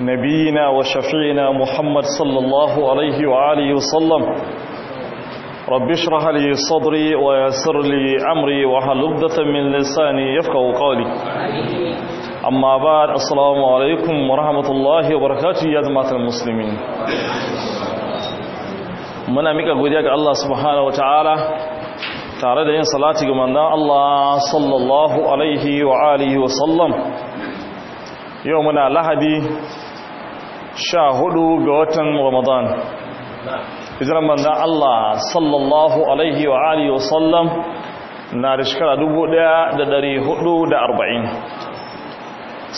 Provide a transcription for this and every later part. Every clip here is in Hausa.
نبينا وشفيعنا محمد صلى الله عليه وآله وسلم رب اشرح لي صدري ويسر لي أمري وحلقدة من لساني يفقه قولي أما بعد السلام عليكم ورحمة الله وبركاته يا جماعة المسلمين muna mika godiya ga Allah subhanahu wataala tare da yin salati ga manzon Allah sallallahu alaihi wa alihi yau muna lahadi sha hudu ga watan ramadan izinan manzan Allah sallallahu alaihi wa alihi wa sallam na da shekara arba'in.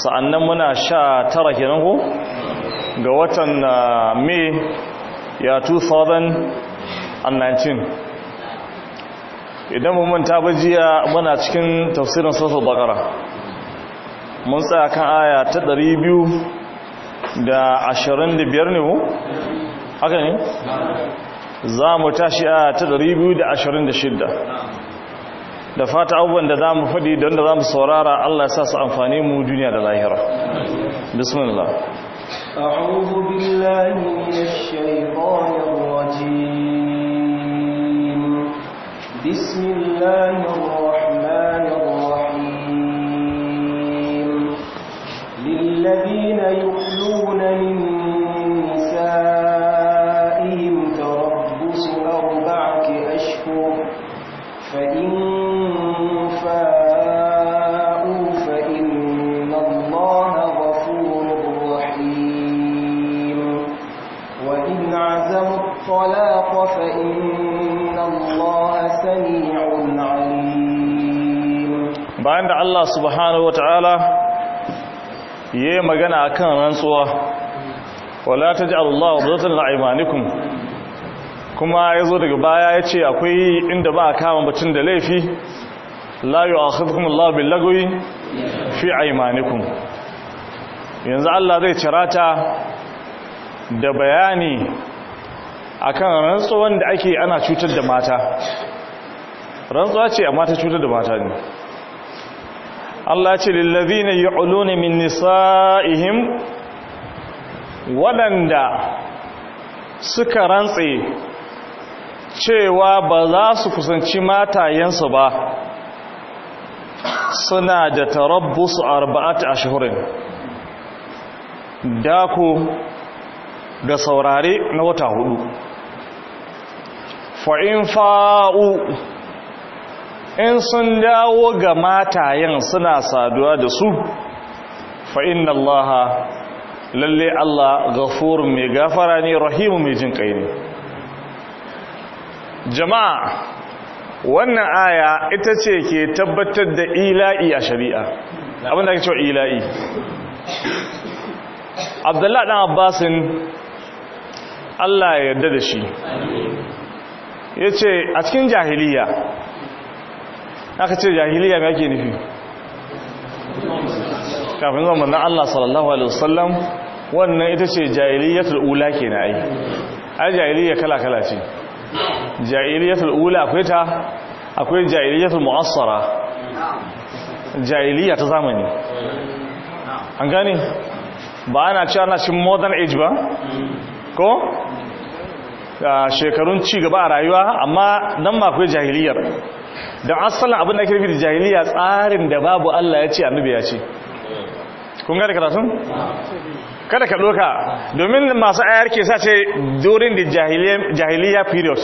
sa'annan muna sha tara kenan ku ga watan uh, may ya 2019 idan mu bajiya muna cikin tafsirin sosai bakara mun tsaya kan aya ta 225 ne mu haka ne za mu tashi aya ta 226 da fata abubuwan da za mu faɗi don da za mu saurara Allah sa su amfani mu duniya da lahira bismillah أعوذ بالله من الشيطان الرجيم بسم الله الرحمن الذين يؤلون من نسائهم تربص أربعة أشهر فإن فاءوا فإن الله غفور رحيم وإن عزموا الطلاق فإن الله سميع عليم بعد الله سبحانه وتعالى yi magana akan rantsuwa wala ta ji la'imanikum kuma ya zo daga baya ya ce akwai inda ba a kama bacin da laifi layu a haifukun Allah lagoyi fi yanzu Allah zai cirata da bayani akan rantsuwan da ake ana cutar da mata rantsuwa ce amma ta cutar da mata ne Allah ce lillazina yu'luna min nisa'ihim waɗanda suka rantse cewa ba za su kusanci matayensu ba suna da tarabbusu arba'ati ashhurin dako da saurare na wata hudu fa'in fa'u in sun dawo ga matayen suna saduwa da su fa inna allaha lalle allah ghafur mai gafara ne rahimu mai jin kai ne jama'a wannan aya ita ce ke tabbatar da ila'i a shari'a abinda ake cewa ila'i abdullahi dan abbasin allah ya yarda da shi ya ce a cikin jahiliya aka ce jahiliya mai ake nufi kafin zuwa na Allah sallallahu alaihi wasallam wannan ita ce jahiliyatul ula na ai ai jahiliya kala kala ce jahiliyatul ula akwai ta akwai jahiliyatul mu'assara jahiliya ta zamani an gane ba ana cewa na cin modern age ba ko ah, shekarun ci gaba a rayuwa amma nan ma akwai jahiliyar don asalin abin da ake nufi da jahiliya tsarin da babu Allah ya ce annabi ya ce kun da karatun kada ka doka domin masu ayar ke sace during the jahiliya period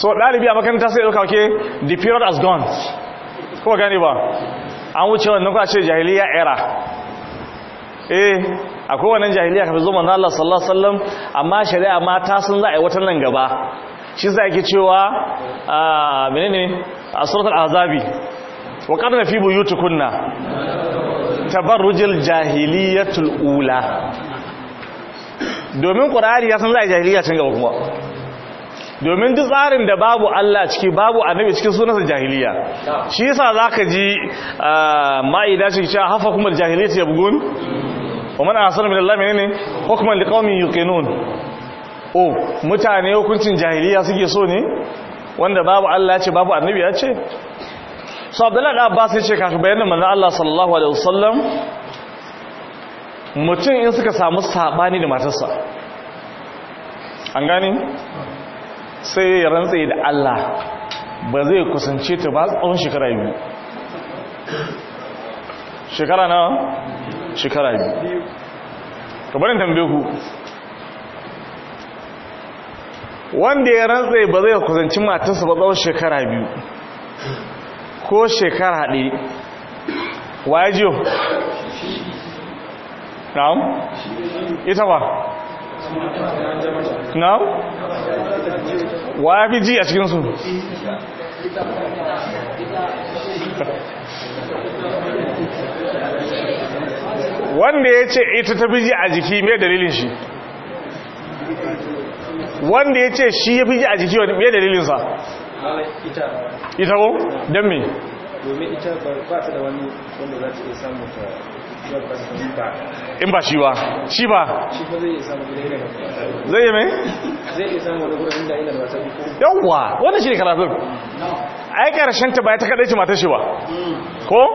so ɗalibi a makaranta sai doka ke the period has gone ko gani ba an wuce wannan a ce jahiliya era eh akwai wannan jahiliya kafin zuma na Allah sallallahu alaihi wasallam amma shari'a mata sun za a yi watan nan gaba shi za a ke cewa a ah, menene a suratul azabi wa na fi buyutikunna tabarrujul jahiliyatul ula domin qur'ani ya san za a jahiliya can gaba kuma domin duk tsarin da babu Allah ciki babu annabi cikin sunansa jahiliya shi yasa zaka ji ma'ida shi cewa hafa kuma jahiliyatu yabgun wa man asara min Allah menene hukman liqaumin yuqinun oh mutane hukuncin jahiliya suke so ne wanda babu Allah ya ce babu annabi ya ce so abdullahi abbas ya ce kafin bayanin manzon Allah sallallahu alaihi wasallam mutum in suka samu sabani da matarsa an gane sai ya rantsa da Allah ba zai kusance ta ba tsawon shekara biyu shekara na shekara biyu kabarin tambaye ku wanda ya rantse ba zai kusanci matarsa ba tsawon shekara biyu ko shekara ɗaya Na na'am ita ba na'am wa fi ji a cikinsu wanda ya ce ita ta biji a jiki mai dalilin shi wanda ya ce shi ya fi ji a jiki wani mai dalilinsa ita ko don me domin ita ba ta da wani wanda za ta iya samu ta in ba shi ba shi ba zai yi mai? zai yi samun rukunin da ina da ko. yawwa wanda shi ne karatun ai karshen ta baya ta kaɗai ce matar shi ba ko?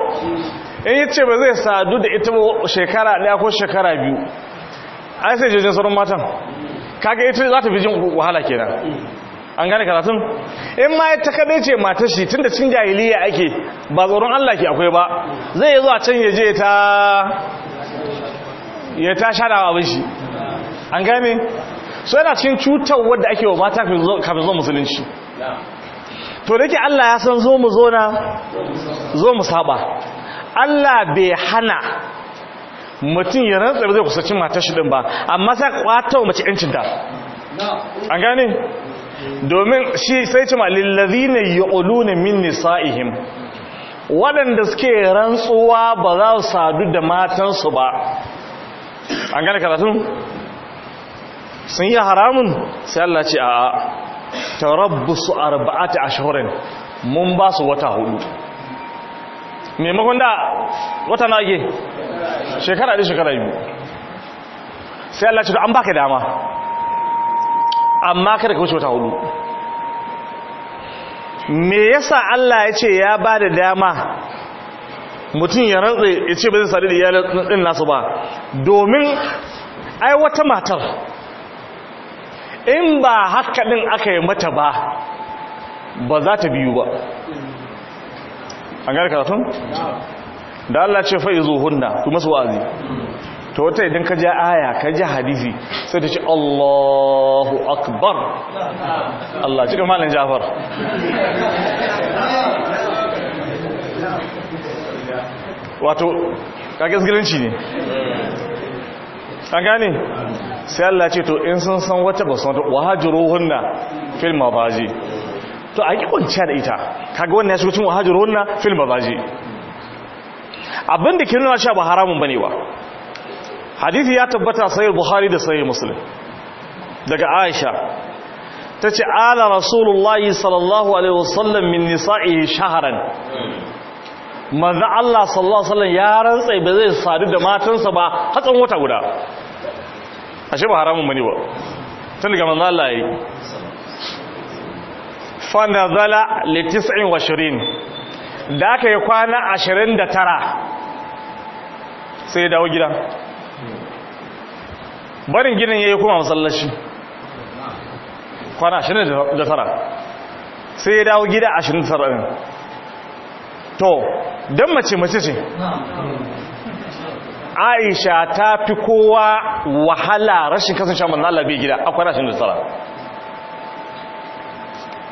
in yi ce ba zai sadu da ita shekara ɗaya ko shekara biyu An sai jejin sauran matan kaga ita za ta fi jin wahala kenan an gane karatun in ma ta kada ce matar shi tunda cin jahiliya ake ba tsoron Allah ke akwai ba zai zuwa can ya je ta ya ta sharawa abin shi an gane so yana cikin cutar wadda ake wa mata kafin zo musulunci to da Allah ya san zo mu zo na zo mu saba Allah bai hana mutum ya rantsa ba zai kusaci matar shi din ba amma sai kwata wa mace yancin ta an gane domin shi sai ce ma lillazina yu'luna min nisa'ihim waɗanda suke rantsuwa ba za su sadu da matansu ba an gane karatun sun yi haramun sai Allah ce a tarabbusu arba'ati ashhurin mun ba su wata hudu maimakon da wata nage shekara da shekara biyu sai Allah ce to an baka dama amma kada ka wuce wata hudu me yasa Allah ya ce ya ba da dama mutum ya rantsa ya ce ba zai sadu da iyalin nasu ba domin ai wata matar in ba haka din aka yi mata ba ba za ta biyu ba an gane karatun? da Allah ce fa'izu hunna kuma masu wa'azi to wata idan ka ja aya ka ja hadisi sai ta ce Allahu akbar Allah cikin malin Jafar wato kage zgilinci ne an gane sai Allah ce to in sun san wata ba sun wata wahajiruhunna fil mabaji to a yi kwanciya da ita kaga wannan ya shigo cin wahajiruhunna fil mabaji abin da ke nuna sha ba haramun bane ba hadithi ya tabbata sayar buhari da sayar muslim daga aisha ta ce ala rasulullahi sallallahu alaihi wasallam min nisa'i shaharan manzo Allah sallallahu alaihi wasallam ya rantsai ba zai sadu da matansa ba hatsan wata guda ashe ba haramun bane ba tun daga manzo Allah yayi fa nazala li 29 da aka yi kwana ashirin da tara sai ya dawo gida barin ginin ya yi kuma masallaci kwana ashirin da tara sai ya dawo gida ashirin da tara ɗin to don mace mace ce aisha ta fi kowa wahala rashin kasance manna labe gida kwana ashirin da tara.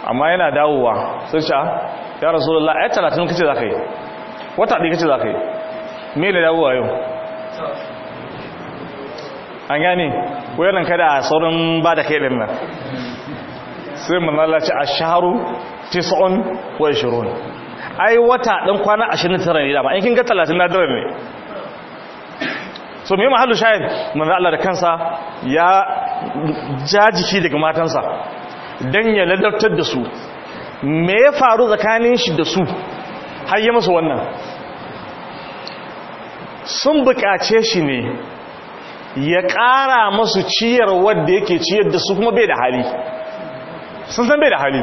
amma yana dawowa sun sha ya rasulullah ai talatin kace za ka yi wata ɗaya kace za ka yi me da a yau an gane nan kada a saurin ba da kai nan sai mun lalace a shaharu tis'un wa shirun. ai wata dan kwana ashirin tara ne dama in kin ga talatin na dare ne so me mahallu shayin manzo Allah da kansa ya jajiki daga matansa dan ya ladabtar da su me ya faru tsakanin shi da su har yi masa wannan sun buƙace shi ne ya ƙara masu ciyar wadda yake ciyar da su kuma bai da hali sun san bai da hali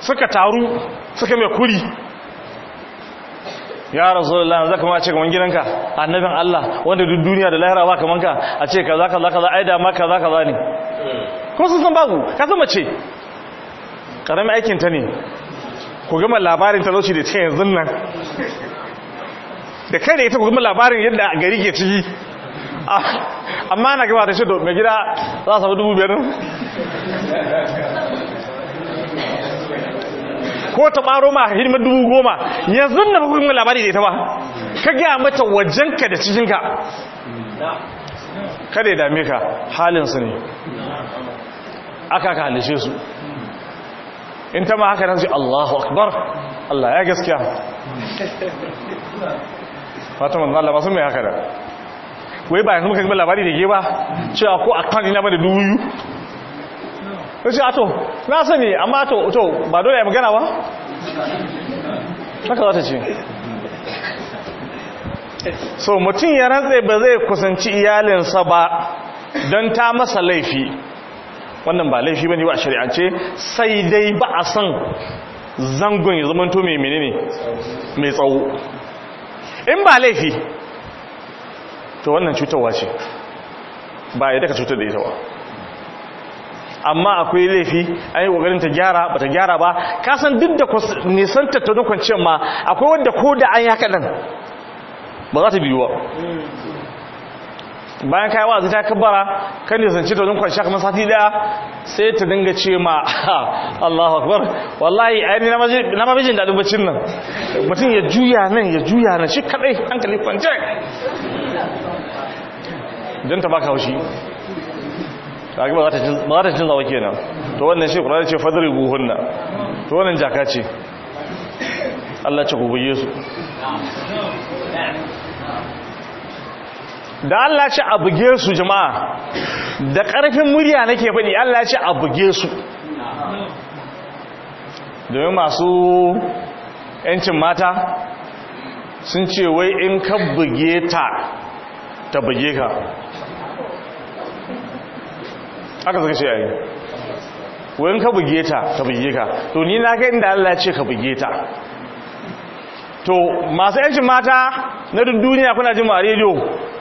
suka taru suka mai kuri ya rasulullah za ka ma ce kaman gidanka annabin Allah wanda duk duniya da lahira ba kaman ka a ce kaza kaza kaza ai da ma kaza kaza ne kuma sun san babu ka san mace ƙaramin aikinta ne ku gama labarin talauci da ta yanzu nan da kai da ita ku gama labarin yadda gari ke ciki ah, amma na gaba ta shi da gida za a samu dubu biyar ko ta ɓaro ma hidimar dubu goma yanzu na ba ku gama labari da ita ba ka gaya mata wajenka da cikinka kada ya dame ka halinsu ne aka ka halishe su in ta ma haka nan sai Allahu akbar Allah ya gaskiya fata manzo Allah ba sun mai haka da wai ba yanzu muka ga labari da ke ba cewa ko kan ina ba da dubu biyu ato na sani amma to to ba dole ya magana ba haka zata ce so mutum ya rantse ba zai kusanci iyalinsa ba don ta masa laifi wannan ba laifi bane ba a shari'ance sai dai ba a san zangon ya zamanto mai menene mai tsawo in ba laifi to wannan cutarwa ce ba ya daga cutar da ita ba amma akwai laifi an yi ƙoƙarin ta gyara ba ta gyara ba kasan duk da nisan tattaunukwanciyar ma akwai wadda ko da an yi haka nan ba za ta biyu ba bayan kai wa'azi ta kabbara kan ya zance domin kwanciya kamar sati daya sai ta dinga ce ma Allahu akbar wallahi ai ni na ma bijin dadin bacin nan mutum ya juya nan ya juya nan shi kadai hankali kwance don ta baka haushi ga ba ba ta cin zawa kenan to wannan shi qur'ani ce fadri buhunna to wannan jaka ce Allah ce ku buge su da Allah ce a buge su jama'a da ƙarfin murya nake faɗi Allah ce a buge su domin masu ‘yancin mata sun ce wai in ka buge ta ta buge ka aka zaka ce yayi wai in ka buge ta ta buge ka to ni na kai inda Allah ce ka buge ta to masu ‘yancin mata na duniya kuna jin ma rediyo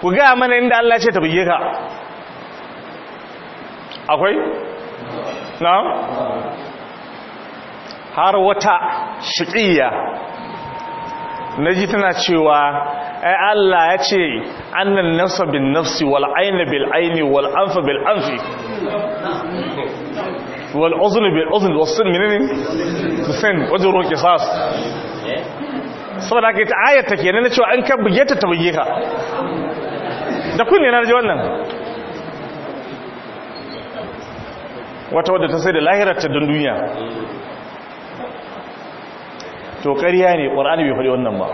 ku gaya mana inda Allah ce ta buge ka akwai? na? har wata shiƙiya na ji tana cewa ai Allah ya ce annan nafsa bin nafsi wal aina bil aini wal anfa bil anfi wal uzun bil uzun wasu menene sin wajen ruwan kisas eh? saboda ka ta ayata ke nan cewa an kan buge ta ta buge ka da kunne na ji wannan wata wadda ta sai da lahirarta don duniya to kariya ne ƙwar'ani bai faɗi wannan ba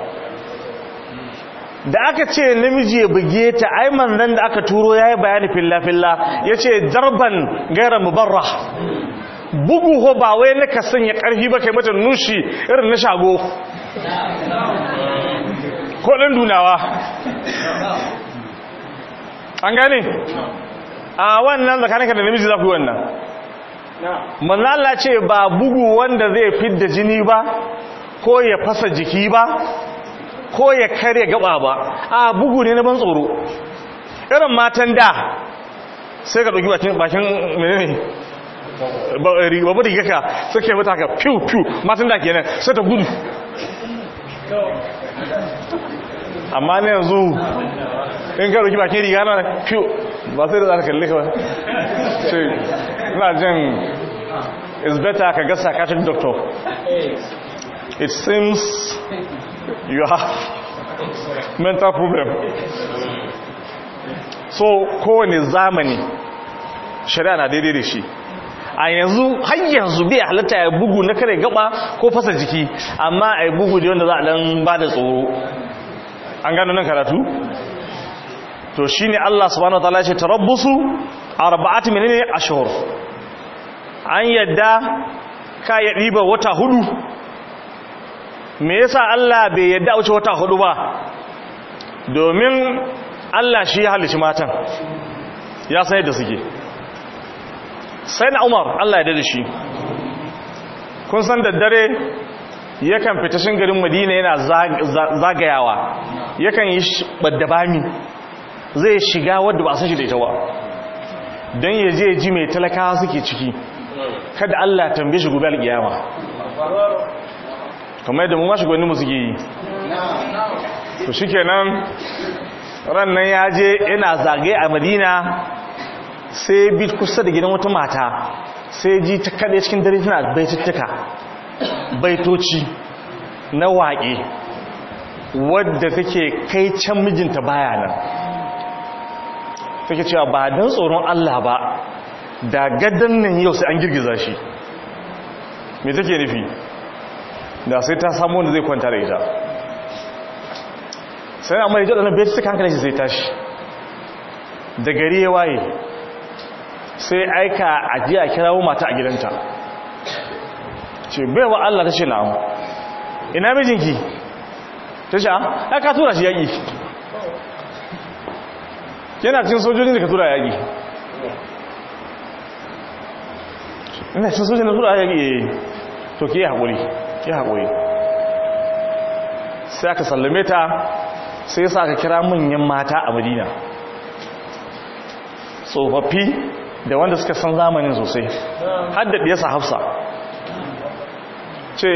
da aka ce namiji ya buge ta ai nan da aka turo ya yi bayani filla-filla ya ce jarban gaira mubarra bugu ho ba wai na kasan ya ƙarfi ba kai mata nushi irin na shago ko ɗan dunawa an gane a wannan zakarinka da namiji za ku yi wannan Allah ce ba bugu wanda zai fidda jini ba ko ya fasa jiki ba ko ya karya gaba ba a bugu ne na ban tsoro irin matan da sai ka ɗauki bakin menene babu da eh, ka suke mata haka piu piu matan da kenan sai ta gudu amma ne yanzu in ka roki bakin riga na fiyo ba sai da za ka kalli ka ba sai ina jin it's better ka ga psychiatric doctor it seems you have mental problem so kowane zamani shari'a na daidai da shi a yanzu hanyar zube bai halitta ya bugu na kare gaba ko fasa jiki amma a bugu da wanda za a dan ba da tsoro an gano nan karatu to shi ne Allah subhanahu wataala ya ce tarabbusu arba'at menene shahur an yadda ka ya ba wata hudu me yasa Allah bai yadda wuce wata hudu ba domin Allah shi ya halici matan ya san yadda suke sai na Umar Allah ya dada shi kun san daddare yakan fita shin garin madina yana zagayawa yakan yi badda bami zai shiga wadda ba a sashi da ita ba don ya je ji mai talakawa suke ciki kada Allah tambaye shi gobe al-giyama kamar yadda mu ma shigo mu suke yi to ran nan ya je yana zagaye a Madina sai bi kusa da gidan wata mata sai ji ta kada cikin dare tana baituttuka baitoci na waƙe wadda take kai can mijinta baya nan take cewa ba don tsoron Allah ba da gadon nan yau sai an girgiza shi me take nufi da sai ta samu wanda zai kwanta da ita sai amma ya jaɗa na bai cikin hankali zai tashi da gari ya waye sai aika a jiya kirawo mata a gidanta ce baiwa Allah ta ce na'am ina mijinki ta ce a ah, ka tura shi yaƙi yana cin sojojin da ka tura yaƙi ina cin sojojin da tura yaƙi eh. to ke haƙuri ke haƙuri sai aka sallame ta sai sa ka kira manyan mata a madina tsofaffi da wanda suka san zamanin sosai haddadi ya sa hafsa ce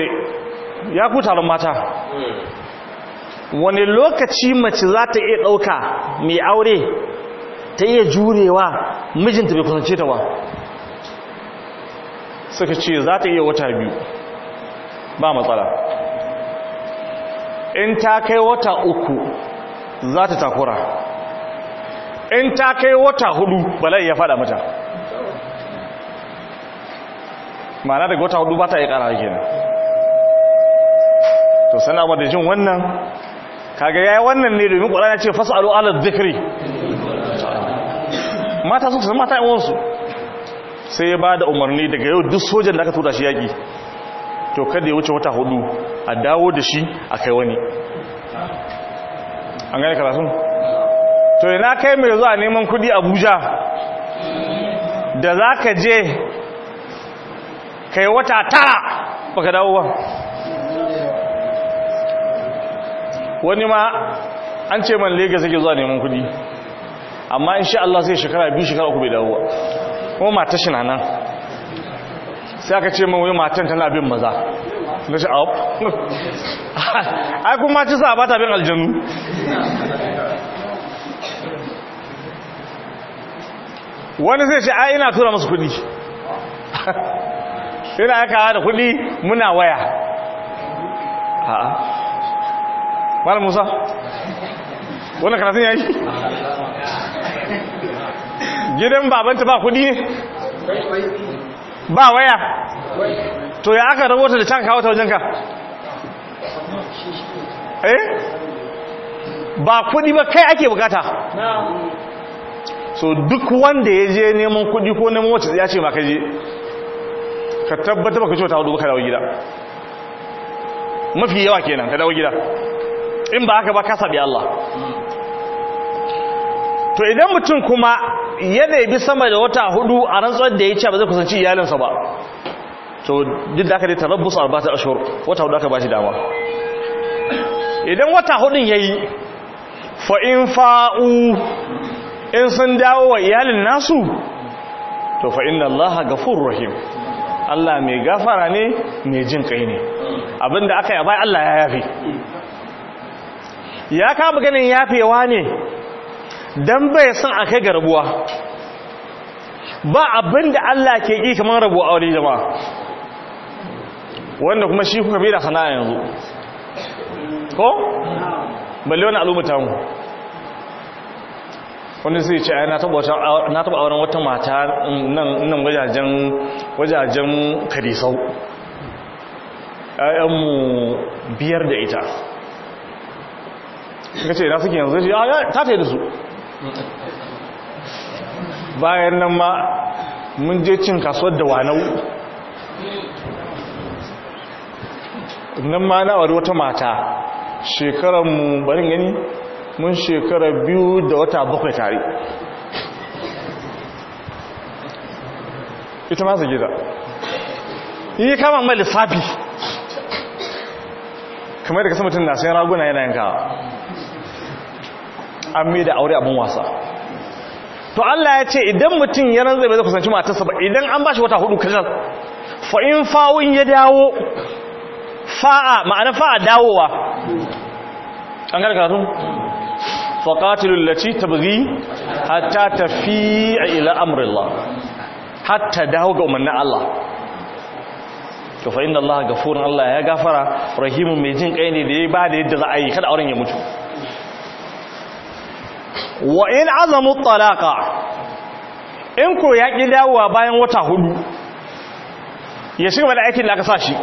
ya ku taron mata hmm. wani lokaci mace za ta iya ɗauka mai aure ta iya jurewa mijinta bai kusance ta ba suka ce za ta iya wata biyu ba matsala in ta kai wata uku za ta takura in ta kai wata hudu bala'i ya fada mata ma'ana daga wata hudu ba ta yi kara kenan to sana wadda jin wannan kaga yi wannan ne domin ƙwararra ce fasa al'adar dhikri mata sun san mata yawansu sai ya ba da umarni daga yau duk sojan da aka tura shi yaƙi to kada ya wuce wata hudu a dawo da shi a kai wani an gane karasun? to yana kai mai zuwa neman kudi abuja da za ka je kai wata tara baka dawo ba wani ma an ce man Legas yake zuwa neman kudi amma in sha Allah sai shekara biyu shekara uku bai dawo ba kuma mata shi na nan sai aka ce mawai matan tana bin maza na shi up ai kuma ci sa ba ta bin aljanu wani zai ce ai ina tura masu kudi ina aka da kudi muna waya a'a malam musa karatun ya yi gidan babanta ba kudi ne ba waya to ya aka rabota da can kawo ta wajenka eh ba kudi ba kai ake bukata so duk wanda ya je neman kudi ko neman wacce ya ce ba je ka tabbata ba ka ta hudu ka dawo gida mafi yawa kenan ka dawo gida in ba haka ba ka sabi Allah to idan mutum kuma ya nemi sama da wata hudu a rantsuwar da ya ce ba zai kusanci iyalinsa ba to duk da aka dai tarabbus ta ashur wata hudu aka ba shi dama idan wata hudun ya fa in fa'u in sun dawo wa iyalin nasu to fa na allaha ghafurur rahim Allah mai gafara ne mai jin kai ne abinda aka yaba Allah ya yafe ya kama ganin yafewa ne don bai san a kai garbuwa ba abin da Allah ke ƙi kamar rabuwa a wani jama'a wanda kuma shi kuka bida hana yanzu ko? balle wani al'ummata mu wanda zai ce na taba auren wata mata nan wajajen karisau ‘ya'yanmu biyar da ita ka ce na suke yanzu ta ta yi da su bayan nan ma mun je cin kasuwar da wanau nan ma na wari wata mata shekarar mu barin gani mun shekara biyu da wata bakwai tare ita masu gida yi kama mai lissafi kamar da kasa mutum na sayan raguna yana yankawa an mai da aure abin wasa to Allah ya ce idan mutum ya ranzu bai zai kusanci matarsa ba idan an ba shi wata hudu kashin fa in ya dawo fa'a ma'ana fa'a dawowa an gane karatu fa qatilul lati tabghi hatta tafi'a ila amrillah hatta dawo ga umarnin Allah to fa inna Allah ghafurun Allah ya gafara rahimun mai jin kai ne da ya ba da yadda za a yi kada auren ya mutu wa in azamu talaka in ko ya ki dawowa bayan wata hudu ya shiga da aikin da aka sa shi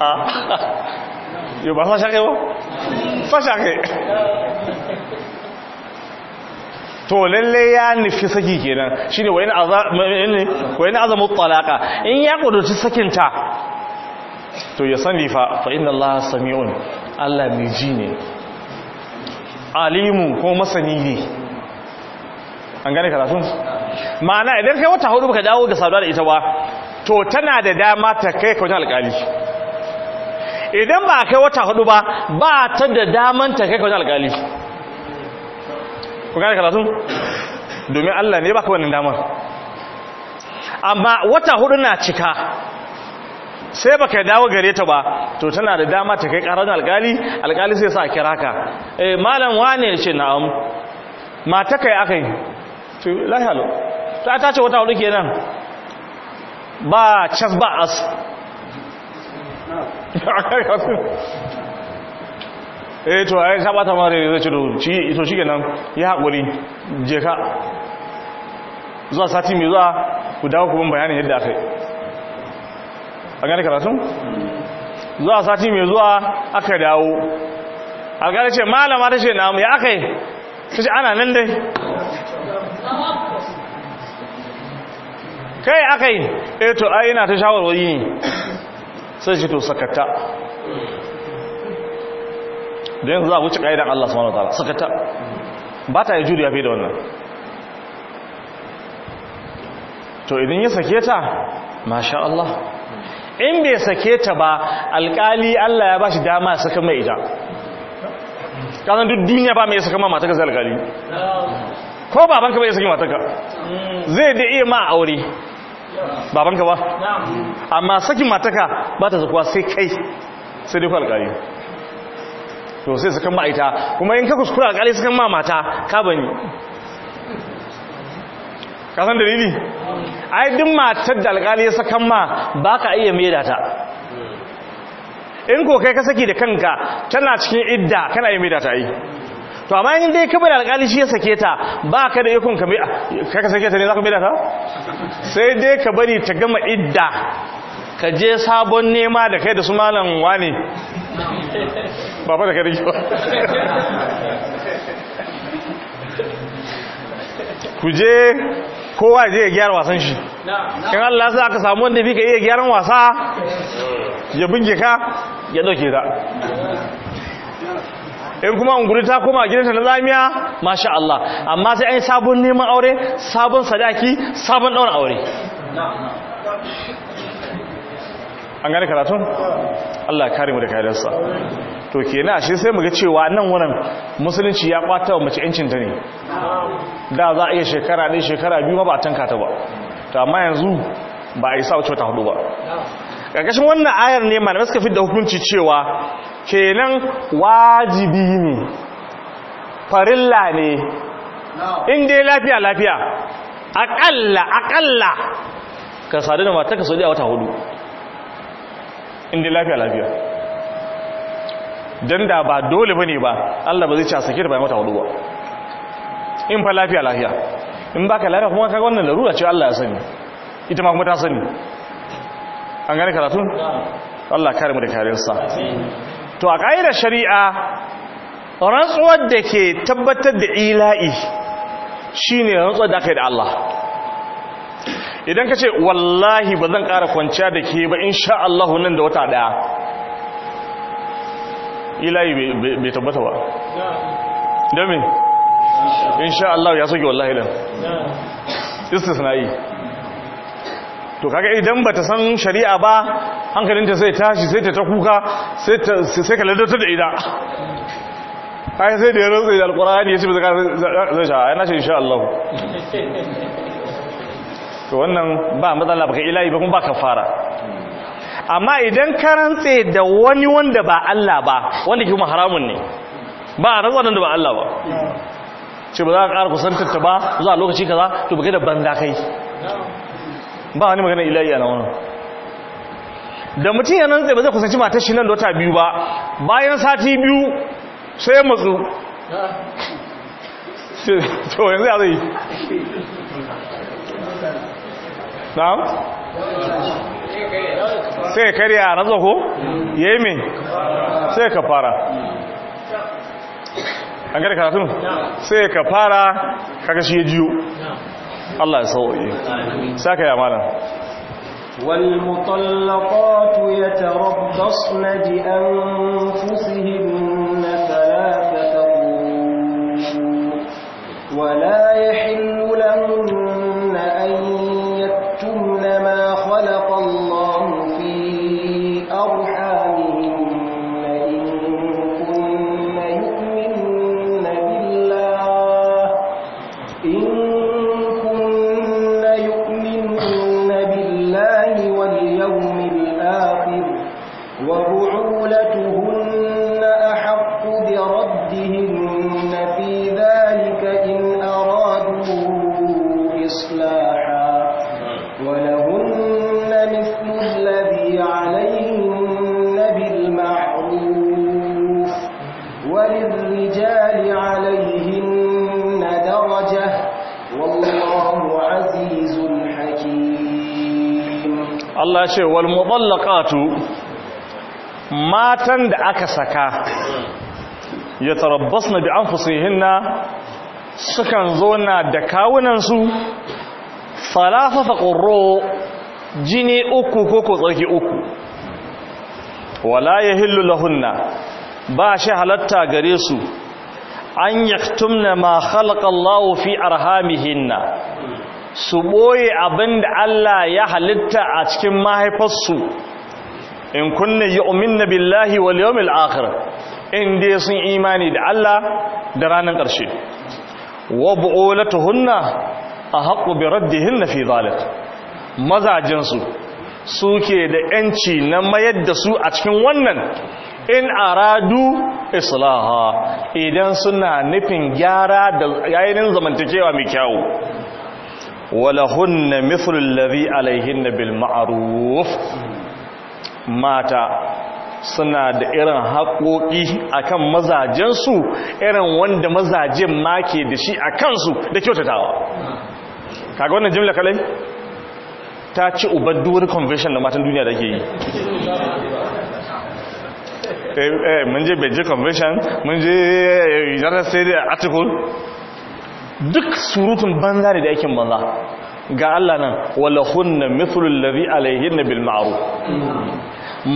ah. yóò bá Ba wọ́n fásáké to lalle ya nufi saki kenan shine wa na azamu talaka in ya kudurci sakinta to ya sani fa fa inna Allaha sami'un Allah mai ji ne alimu ko masani ne an gane karatun ma'ana idan kai wata hudu baka dawo da saduwa da ita ba to tana da dama ta kai ka wajen alkali idan ba kai wata hudu ba ba ta da daman ta kai ka wajen alkali ku gane karatun domin Allah ne baka wannan damar amma wata hudu na cika sai baka dawo gare ta ba to tana da dama ta kai karan alkali alkali sai sa kira ka eh malam wane ya ce na'am mata kai akai to lahi halo ta ta ce wata hudu kenan ba chas ba as eh to ai ka bata mare zai ce to to shikenan ya hakuri je ka zuwa sati mai zuwa ku dawo ku ban bayanin yadda akai a gane karatun zuwa sati mai zuwa aka dawo alkali ce malama ta ce namu ya aka yi ta ce ana nan dai kai aka yi eto eh, ai na ta shawarwari ne sai ce to sakata da yanzu za a wuce ƙa'idan Allah subhanahu tara. sakata ba ta yi juriya fi da wannan to idan ya sake ta masha Allah in bai sake ta ba alkali Allah ya ba shi dama saka mai ita kanan duk duniya ba mai saka ma mataka zai alkali ko babanka bai saka mataka zai da iya ma aure babanka ba amma sakin mataka ba ta zukuwa sai kai sai dai alkali to sai ma ita kuma in ka kuskura alkali saka ma mata ka bani ka san dalili ai duk matar da alƙali ya sakan ma ba ka iya mai data in ko kai ka saki da kanka tana cikin idda kana iya mai data yi to amma in dai kabar alƙali shi ya sake ta ba ka da ikon ka sake ta ne za ka mai data sai dai ka bari ta gama idda ka je sabon nema da kai da su malam wani ba fa da kai ba ku je kowa zai gyara wasan shi in Allah sai aka samu wanda fi ka iya gyaran wasa ya binge ka ya dauke ka in kuma unguri ta koma gidanta na zamiya masha Allah amma sai an yi sabon neman aure sabon sadaki sabon daura aure an gane karatun Allah ya kare mu da kayansa to kenan ashe sai muga cewa nan wurin musulunci ya kwata wa mace yancin ne da za a iya shekara ne shekara biyu ma ba a tanka ta ba to amma yanzu ba a yi sa wuce wata hudu ba ƙarƙashin wannan ayar ne malamai suka fi da hukunci cewa kenan wajibi ne farilla ne in dai lafiya lafiya aƙalla aƙalla ka sadu da mata ka sadu a wata hudu in dai lafiya lafiya don da ba dole ba ne ba allah ba zai ci a sake da bayan wata hudu ba in fa lafiya lafiya in baka lafiya kuma kaga wannan larura ce allah ya sani ita ma kuma ta sani an gane karatun allah kare mu da karensa to a ƙa'idar shari'a rantsuwar da ke tabbatar da ila'i shine rantsuwar da aka yi da allah idan ka ce wallahi ba zan ƙara kwanciya da ke ba in sha Allah nan da wata ɗaya ilayi bai tabbata ba domin insha Allah ya soke wallahi dan yi. to kaga idan bata san shari'a ba hankalinta sai tashi sai ta ta kuka sai ka ladata da ida ai sai da ya rantsu da alqur'ani yace ba zai sha ai na ce insha Allah to wannan ba matsala ba kai ilahi ba kuma ba fara. amma idan ka rantse da wani wanda ba Allah ba wanda kuma haramun ne ba a rantsa da ba Allah ba ce ba za a ƙara kusantar ta ba a lokaci kaza to baka da banga kai ba wani magana ilayya na wani da mutum ya nan ba zai kusanci matar shi nan da wata biyu ba bayan sati biyu sai ya matsu to yanzu ya zai na'am sai karya a ratsa ko ya yi mai sai ka fara an gari karatun sai ka fara kaga shi ya jiyo Allah ya sauwaye sa ka yi amana ji an fusihin ce wal mutallaqatu matan da aka saka yatarabbasna bi anfusihinna sukan zona da kawunansu falafafa ƙurro jini uku ko ko uku wala ya hillu lahunna ba shi halatta gare su an yaktumna ma khalaqallahu fi arhamihinna su ɓoye abin da Allah ya halitta a cikin mahaifarsu in kunna yu'min na billahi wal yawmil akhir in dai sun imani da Allah da ranar ƙarshe wa bu'ulatuhunna ahaqqu bi raddihinna fi zalik su suke da yanci na mayar da su a cikin wannan in aradu islaha idan suna nufin gyara da yayin zamantakewa mai kyau walahunna mithlul ladhi alayhinna bil ma'ruf mata suna da irin haƙoƙi akan mazajen su irin wanda mazajen ma ke da shi a kansu da kyautatawa kaga wannan jimla kalai ta ci ubar duwar convention da matan duniya da ke yi mun je beijing convention mun je sai da article duk surutun banza da yakin banza ga Allah nan walahunna mithlul ladhi alayhinna bil ma'ruf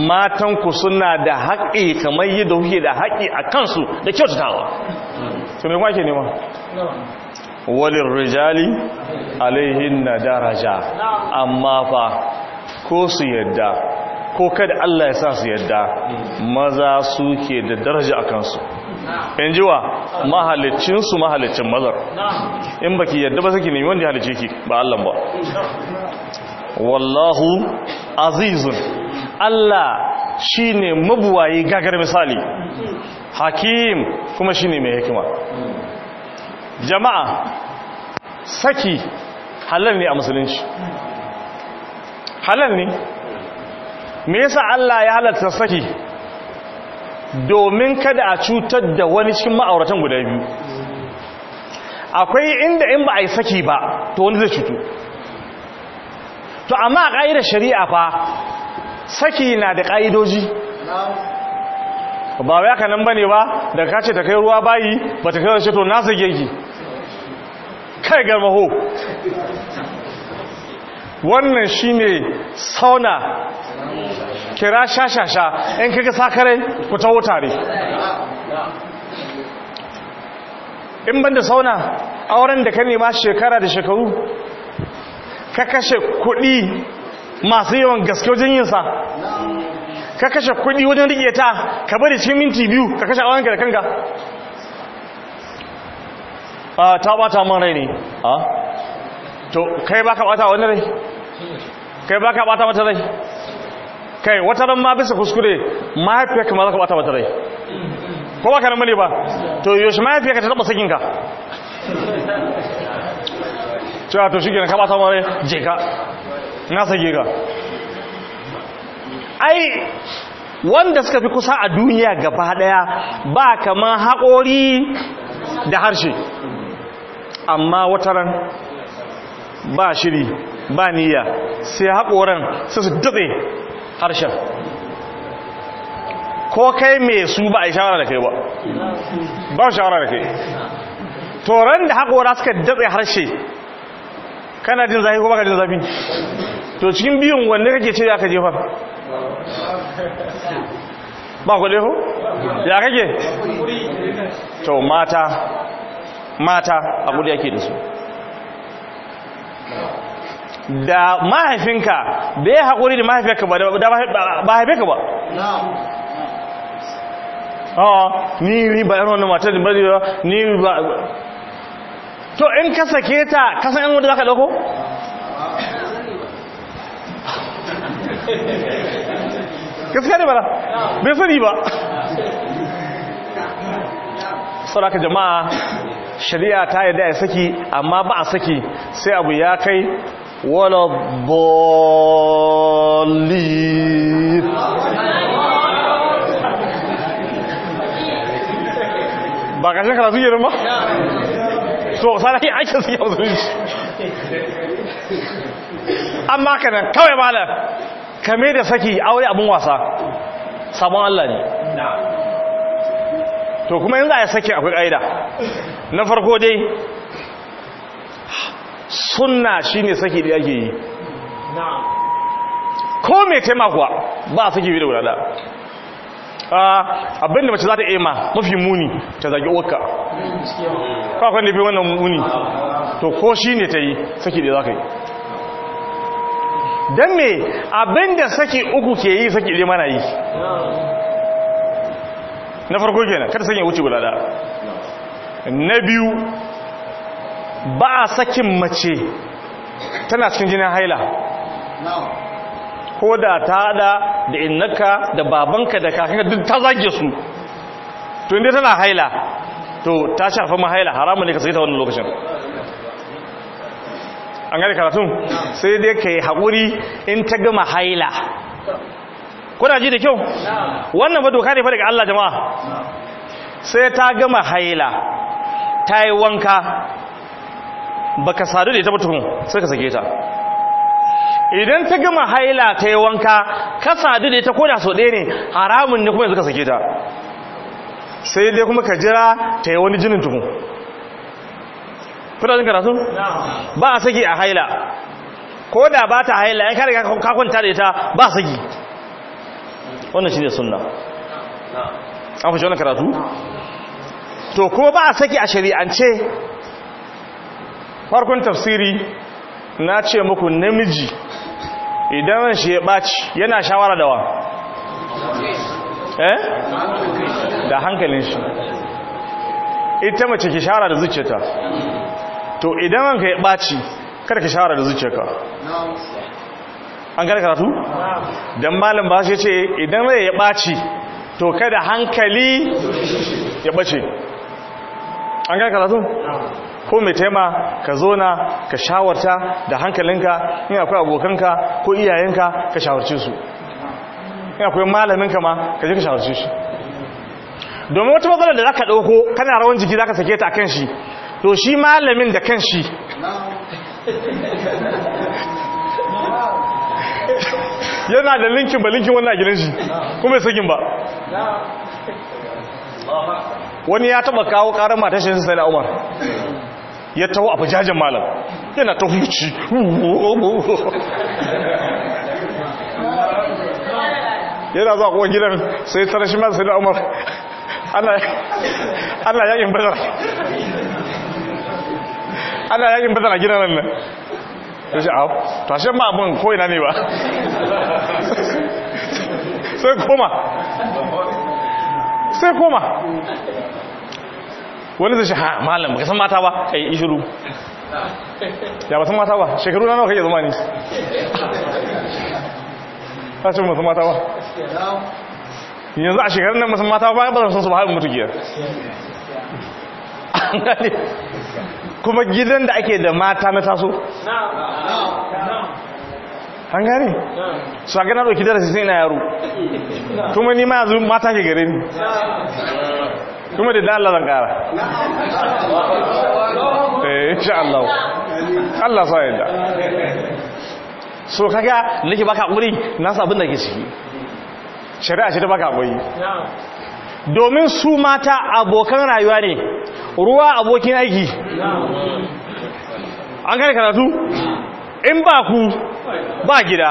matan ku suna da haƙi kamar yadda kuke da haƙi a kansu da kyautatawa to me kwake nema walil rijali alayhinna daraja amma fa ko su yadda ko kada Allah ya sa su yadda maza suke da daraja a kansu in ji wa mahalicinsu mahalicin mazar in baki yadda ba saki nemi wanda ya halice ki ba allan ba wallahu azizun Allah shine mabuwaye gagar misali hakim kuma shine mai hikima jama'a saki halal ne a musulunci halal ne me yasa Allah ya halatta saki domin kada a cutar da wani cikin ma'auratan guda biyu akwai inda in ba a yi saki ba to wani zai cutu to amma a ƙa'idar shari'a fa saki na da ƙa'idoji ba wai haka nan ba ne ba da ka ce ta kai ruwa bayi ba ta kai to na zage kai garmaho wannan shi ne sauna kira shashasha in kaga sakare ku taho tare in banda sauna auren da ka nema shekara da shekaru ka kashe kuɗi masu yawan gaske wajen yinsa ka kashe kuɗi wajen riƙe ta ka bari cikin minti biyu ka kashe auren ka da kanka a ah, ta bata man rai ne a ah? to kai baka bata wani rai kai baka bata mata rai kai wata ran ma bisa kuskure mahaifiyarka ma za ka bata mata rai ko ba karamin mani ba to yaushe mahaifiyarka ta taba sakinka cewa to shi ke na ka bata mara je ka na sage ka ai wanda suka fi kusa a duniya gaba daya ba kama haƙori da harshe amma wataran ba shiri ba niyya sai haƙoran sai su dutse harshen ko kai mai su ba a yi shawara da kai ba ba shawara da kai toron da haƙora suka datse harshe kana jin zafi ko baka jin zafi to cikin biyun wanne kake ce ya ka jefa ba ku ɗaya ya kake to mata mata a gudu yake da su da mahaifinka bai haƙuri da mahaifinka ba da mahaifinka ba awa ni riba yan wani matar da bari ba ni riba to in ka sake ta kasan yan wadda za ka ɗauko? gaskiya ne ba bai sani ba sauraka jama'a shari'a ta yi da ya saki amma ba a saki sai abu ya kai ولا الضالين ba ƙarshen karatu yi ba? so sanayi ake suke musulunci amma kanan kawai malam kame da saki aure abin wasa sabon Allah ne to kuma yanzu a yi saki akwai ƙa'ida na farko dai sunna shine saki da yake yi ko mai taimakuwa ba a saki biyu da wulada abinda mace za ta ema mafi muni ta zagi uwarka kakwan da fi wannan muni to ko shi ne ta yi saki da za ka yi don me abinda saki uku ke yi saki da mana yi na farko kenan kada sanya wuce wulada na biyu ba a sakin mace tana cikin jinin haila ko da ta da da innaka da babanka da kakanka duk ta zage su to inda tana haila to ta shafa ma haila haramu ne ka sai ta wannan lokacin an gari karatun sai dai ka yi haƙuri in ta gama haila kuna ji da kyau wannan ba doka ne fa daga Allah jama'a sai ta gama haila ta yi wanka baka sadu da ita ba tukun sai ka sake ta idan ta gama haila ta yi wanka ka sadu da ita ko da so ɗaya ne haramun ne kuma yanzu ka sake ta sai dai kuma ka jira ta yi wani jinin tukun kuna karatu ba a saki a haila ko da ba ta haila ya kare ka kwanta da ita ba a saki wannan shi ne sunna an fashe wannan karatu to kuma ba a saki a shari'ance farkon tafsiri na ce muku namiji idan shi ya ɓaci yana shawara da wa eh da hankalin shi ita mace ki shawara da zuciyarta to idan ka ya ɓaci kada ki shawara da zuciyarka an gane karatu Don malam ba shi ce idan rai ya ɓaci to kada hankali ya ɓace an gane karatu ko mai taima ka zona ka shawarta da hankalinka in akwai abokanka ko iyayenka ka shawarce su in akwai malaminka ma ka je ka shawarce shi domin wata matsala da za ka ɗauko kana rawan jiki za ka sake ta a kan shi to shi malamin da kan shi yana da linkin ba linkin wannan gidan shi kuma sakin ba wani ya taba kawo karar matashin sai da umar ya taho a fajajen malam yana ta huci yana za a kuwa gidan sai tare shi masu da umar ana yakin bazar ana yakin bazar a gidan nan shi abu ta shi ma abin ko'ina ne ba sai koma sai koma wani zai shi ha malam ka san mata ba yi shiru ya ba san mata ba shekaru na nawa kake zama ne ta ce masu mata ba yanzu a shekarun nan masu mata ba ba san su ba har mutu giyar kuma gidan da ake da mata na taso an gani su a gana ɗauki darasi sai na yaro kuma ni ma yanzu mata ke gare ni kuma da dala zan kara eh insha Allah Allah sa yadda so kaga nake baka hakuri na sa abin da ke ciki shari'a ce ta baka hakuri domin su mata abokan rayuwa ne ruwa abokin aiki an kare karatu in ba ku ba gida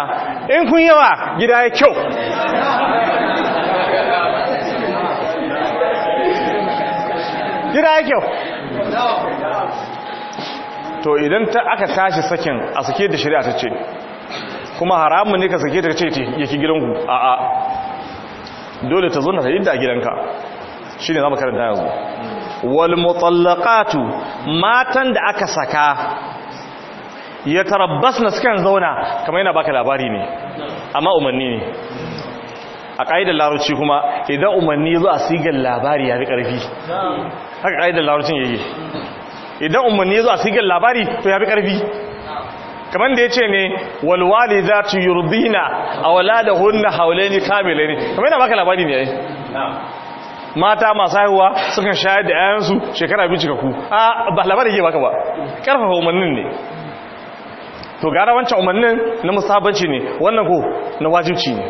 in kun yawa gida ya kyau jira ya kyau to idan ta aka tashi sakin a sake da shari'a ta ce kuma haramun ne ka sake ta ce yake gidanku a a dole ta zuna ta inda a gidanka shi ne za karanta yanzu wal matan da aka saka ya na sukan zauna kamar yana baka labari ne amma umarni ne a ƙa'idar larabci kuma idan umarni zo a sigar labari ya fi ƙarfi haka ƙa'idar larabcin yayi idan umarni ya zo a sigar labari to ya fi karfi kamar da ya ce ne walwali za tu na a wala da hunna haule ni kamile ne kamar yana baka labari ne ya yi mata masu haihuwa sukan shayar da 'ya'yansu shekara biyu cikaku ku a ba labari ke baka ba ƙarfafa umarnin ne to gara wancan umarnin na musabanci ne wannan ko na wajibci ne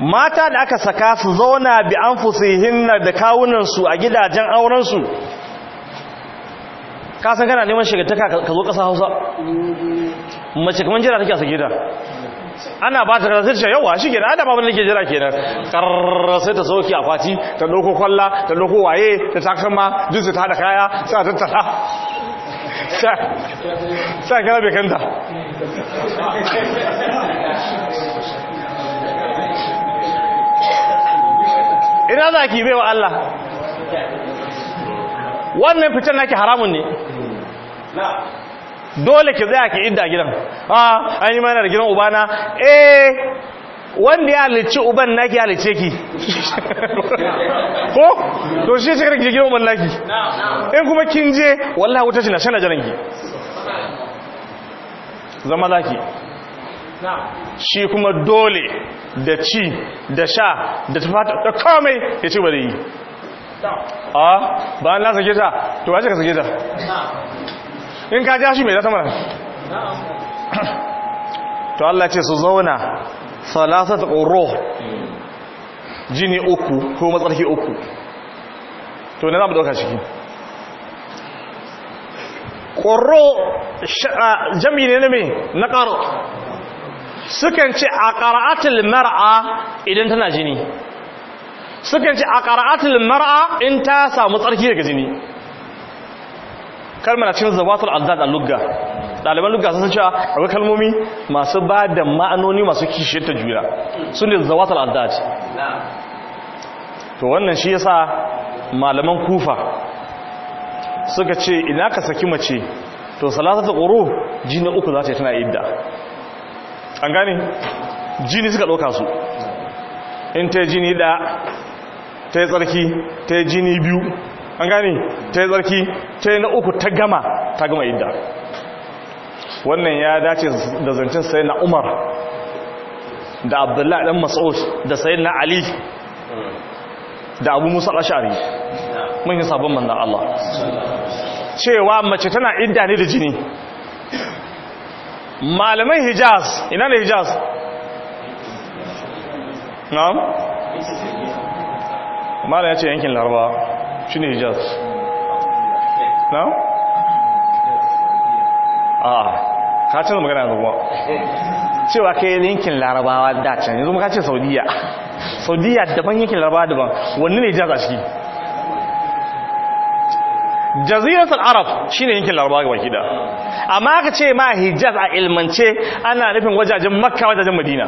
mata da aka saka su zauna bi an hinna da kawunansu a gidajen aurensu ka san kana neman shigartaka ka zo ƙasa Hausa mace kaman jira take a gida ana ba ta rasar cewa yawa shi kenan adama wanda ke jira kenan karrar sai ta sauki a fati ta doko kwalla ta doko waye ta takama duk su ta da kaya sai ta tattara sai kana bai kanta ina za ki baiwa Allah wannan fitar naki haramun ne dole ki zaya ki idda gidan a an yi manar da gidan ubana eh wanda ya halicci uban naki halicce ki ko to shi shi karki gidan uban naki in kuma kin je wallah wuta shi na shana jaranki zama ki shi kuma dole da ci da sha da tufata da komai ya ci bari yi a ba na sake ta to ba ka sake ta in ka ja shi mai zata mara to Allah ce su zauna salasa ta ƙoro jini uku ko matsarki uku to ne za mu ɗauka ciki ƙoro jami ne na mai na ƙaro sukan ce a ƙara'atul mar'a idan tana jini sukan ce a ƙara'atul mar'a in ta samu tsarki daga jini kalmar cikin zawatul azzad a lugga ɗaliban lugga sun cewa akwai kalmomi masu ba da ma'anoni masu kishiyar ta juna sun da zawatul azzad to wannan shi yasa malaman kufa suka ce ina ka saki mace to ta quru jini uku za ta tana idda an gani jini suka ɗauka su in ta jini ɗaya ta yi tsarki ta yi jini biyu an gani ta yi tsarki ta yi na uku ta gama ta gama idda wannan ya dace da zancen sai na umar da abdullahi ɗan mas'ud da sayin na ali da abu musa ashari mun yi sabon manna allah cewa mace tana idda ne da jini malamai hijaz ina ne hijaz na'am malam ya ce yankin larba shi ne hijaz na'am a ah, kacin da magana zuwa cewa ka yi yankin larabawa dacin yanzu k'a ce saudiya saudiya daban yankin larabawa daban wanne ne hijaz a ciki jaziratul arab shine yankin laraba ga gida amma aka ce ma hijaz a ilmance ana nufin wajajen makka wajajen madina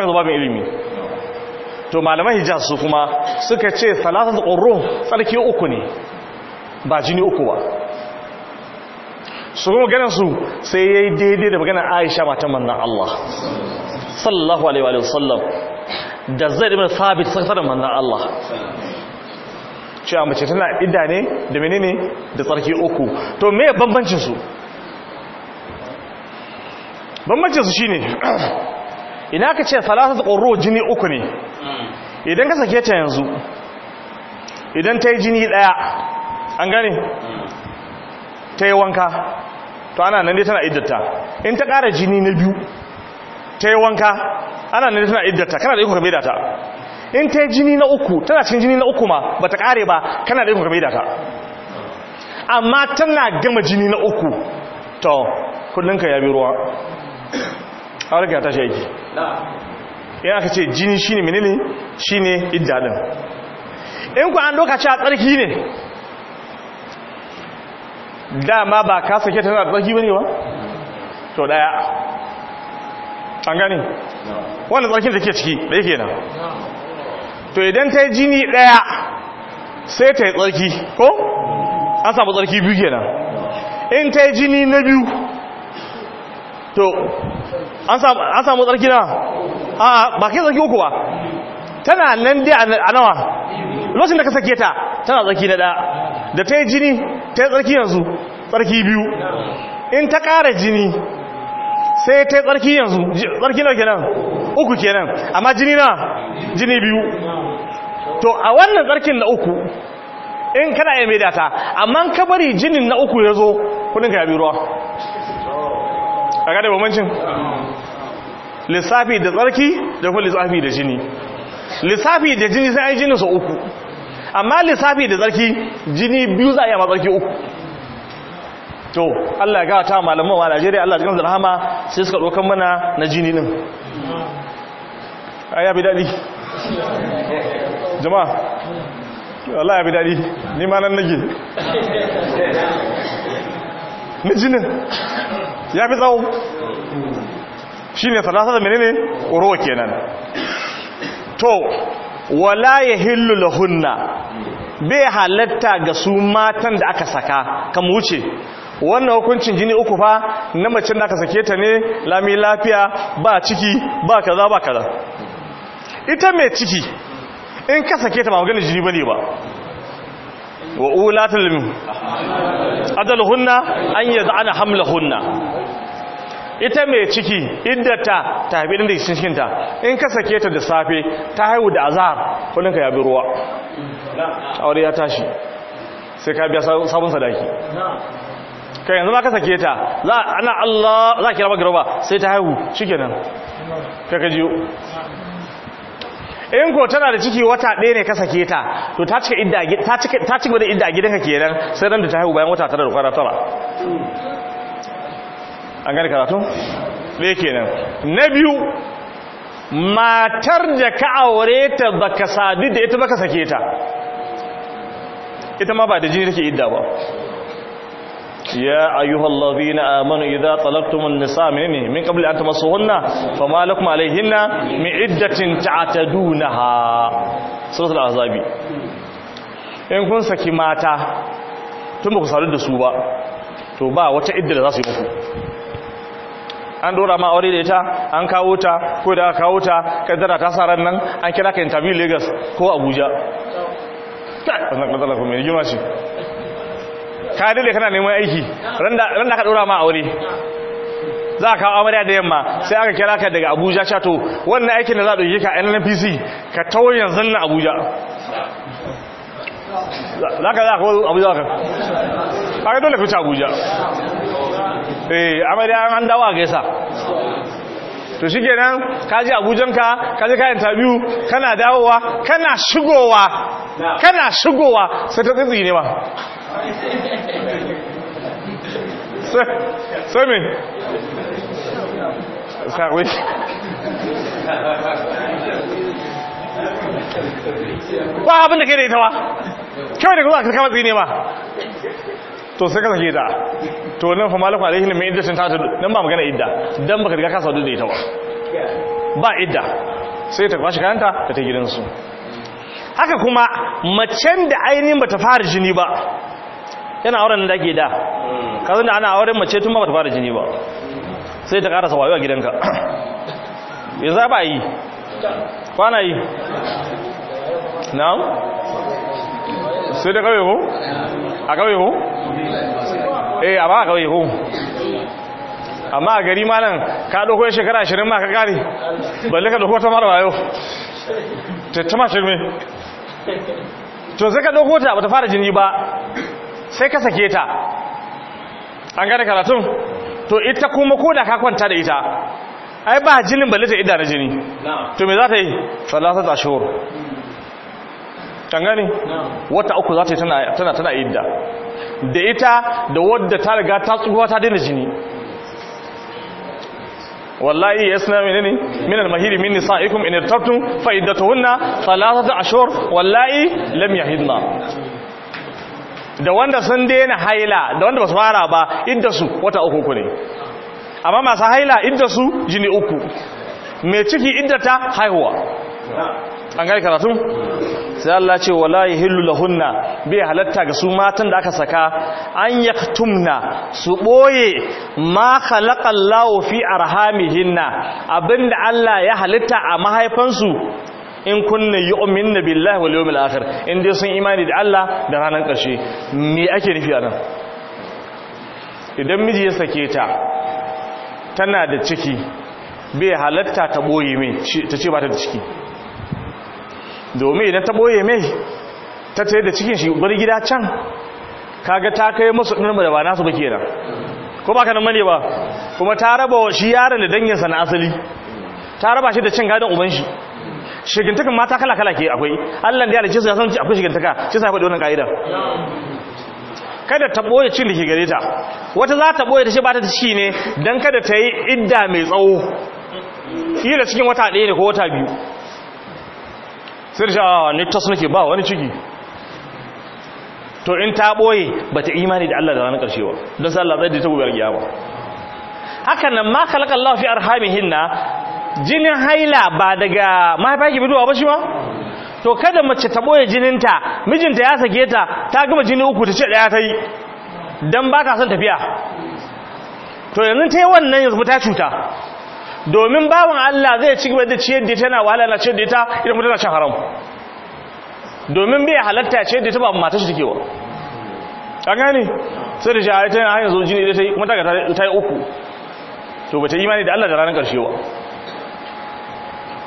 zuba babin ilimi to malaman hijaz su kuma suka ce salatul qurru tsarki uku ne ba jini uku ba su kuma ganin su sai yayi daidai da maganar Aisha matan manzon Allah sallallahu alaihi wa sallam da zai ibn sabit sai sadan manzon Allah cewa mace tana idda ne da menene da tsarki uku to me bambancin su bambancin su shine ina ka ce salatu qurru jini uku ne idan ka sake ta yanzu idan ta yi jini daya an gane ta yi wanka to ana nan dai tana iddata in ta ƙara jini na biyu ta yi wanka ana nan dai tana iddata kana da iko ka bai ta? in ta jini na uku tana cikin jini na uku ma ba ta kare ba kana da ikon kamar da ta amma tana gama jini na uku to kudinka ya bi ruwa a wadda ta shaiki yana ka ce jini shi ne menene shi ne in ku an lokaci a tsarki ne dama ba ka sake tana da tsarki bane ba to daya an gani wanda tsarkin da ke ciki da yake na. to idan ta yi jini ɗaya sai ta yi tsarki ko an samu tsarki biyu kenan in ta yi jini na biyu to an samu tsarki na a ba tsarki uku ba tana nan dai a nawa lokacin da ka sake ta tana tsarki na ɗaya da ta yi jini ta yi tsarki yanzu tsarki biyu in ta ƙara jini sai ta yi tsarki yanzu tsarki na kenan uku kenan amma jini na jini biyu to a wannan tsarkin na uku in kana yi mai data amma ka bari jinin na uku ya zo kudinka ya bi ruwa a gada bambancin lissafi da tsarki da kuma lissafi da jini lissafi da jini sai ai jini su uku amma lissafi da tsarki jini biyu za a yi a matsarki uku to Allah ya gawa ta malaman wa Najeriya Allah ya ganzu rahama sai suka ɗaukan mana na jini ɗin a ya bi daɗi jama'a Allah ya bi daɗi ni ma nan nage na jinin ya fi tsawo shi ne salasa da menene ruwa kenan to wala ya hillu lahunna bai halatta ga su matan da aka saka kama wuce wannan hukuncin jini uku fa na macin da aka sake ta ne lami lafiya ba ciki ba kaza ba kaza ita mai ciki in ka sake ta ba gani jini bane ba wa ulatul adalhunna an yad'ana hamlahunna ita mai ciki idda ta din da cikin ta in ka sake ta da safe ta haihu da azar kullun ka yabi ruwa aure ya tashi sai ka biya sabon sadaki kai yanzu ma ka sake ta za ana Allah za ki raba garba sai ta haihu shikenan ka kajiyo in ko tana da ciki wata ɗaya ne ka sake ta to ta cika da ta cika ta cika da gidanka kenan sai ran da ta haihu bayan wata tara da kwana tara an gani karatu me kenan na biyu matar da ka aure ta baka sadu da ita baka sake ta ita ma ba da jini take idda ba يا أيها الذين آمنوا إذا طلقتم النساء مني من قبل أن تمسوهن فما لكم عليهن من عدة تعتدونها سورة الأحزاب in kun saki mata tun ba ku sadu da su ba an dora ma aure da ita an kawo ta ko da kawo ta kaddara ta saran nan an kira ka interview Lagos ko Abuja ta wannan kaddara kuma rigima ce ka dole kana neman aiki ran da ka dora ma aure za ka kawo amarya da yamma sai aka kira ka daga abuja chato wannan aikin da za a ɗauke ka nnpc ka tawo yanzu na abuja za ka za ka wani abuja ka aka dole ka ci abuja eh amarya an dawa gaisa to shi kenan kaji abujanka ji kayan tabiu kana dawowa kana shigowa kana shigowa sai ta tsitsi ne ba sai me sarwe ba abin da ke da ita ma kyau da kuma ka kama tsine ba. to sai ka sake ta to nan fa malakun alaihi ne mai iddacin ta nan ba magana idda dan baka riga ka sadu da ita ba ba idda sai ta kwashi kayanta ta ta gidansu haka kuma macen da ainihin bata fara jini ba yana auren da ake da hmm. ka da ana auren mace tun ba ta fara jini ba sai ta karasa wayo a gidanka ya za ba yi kwana yi na sai da kawai hu a kawai hu eh a ba a kawai hu amma a gari ma nan ka ɗauko shekara ashirin ma ka kare balle ka ɗauko ta mara wayo ta tama shirme to sai ka ɗauko ta ba ta fara jini ba sai ka sake ta an gane karatun to ita kuma ko da ka kwanta da ita ai ba jinin balle ta na jini to me za ta yi salasat ashhur kan gane wata uku za ta yi tana tana idda da ita da wadda ta riga ta tsuguwa ta daina jini wallahi yasna menene min al-mahiri min nisa'ikum in irtabtum fa iddatuhunna thalathatu ashur wallahi lam yahidna da wanda sun daina haila da wanda ba su fara ba idda su wata uku ne amma masu haila idda su jini uku mai ciki idda ta haihuwa an gari karatu sai Allah ce wala yahillu lahunna bai halatta ga su matan da aka saka an yaktumna su ɓoye ma khalaqallahu fi arhamihinna abinda Allah ya halitta a mahaifansu in kunna yu'minna billahi wal yawmil akhir in dai sun imani da Allah da ranan ƙarshe me ake nufi a nan idan miji ya sake ta tana da ciki bai halatta ta boye mai ta ce ba ta da ciki domin idan ta boye mai ta ce da cikin shi bar gida can kaga ta kai musu ɗin da ba nasu ba kenan ko ba kana mane ba kuma ta raba wa shi yaron da danginsa na asali ta raba shi da cin gadon uban shi shigintaka mata kala kala ke akwai Allah da ya ce su ya san akwai shigintaka shi sa faɗi wannan ka'idar kada ta ɓoye cin da ke gare ta wata za ta ɓoye ta ce ba ta ciki ne don kada ta yi idda mai tsawo yi da cikin wata ɗaya ne ko wata biyu sai da shi a ne tas nake ba wani ciki to in ta ɓoye ba ta imani da Allah da ranar ƙarshewa don sa Allah zai da ta gobe algiya ba haka nan ma kalakar lafi arhamihin na jinin haila ba daga mahaifa ki bidowa ba shi ba to kada mace ta boye jininta mijinta ya sake ta ta gama jini uku ta ce daya ta yi don ba ta son tafiya to yanzu ta yi wannan yanzu ta cuta domin bawan Allah zai ci gaba da ciyar da tana wahala na ciyar da ta idan mutum na shan haram domin bai halatta ciyar da ta ba mata shi take wa an gane sai da shi ta hanyar zo jini da ta yi kuma ta yi uku to ba ta imani da Allah da ranar karshe wa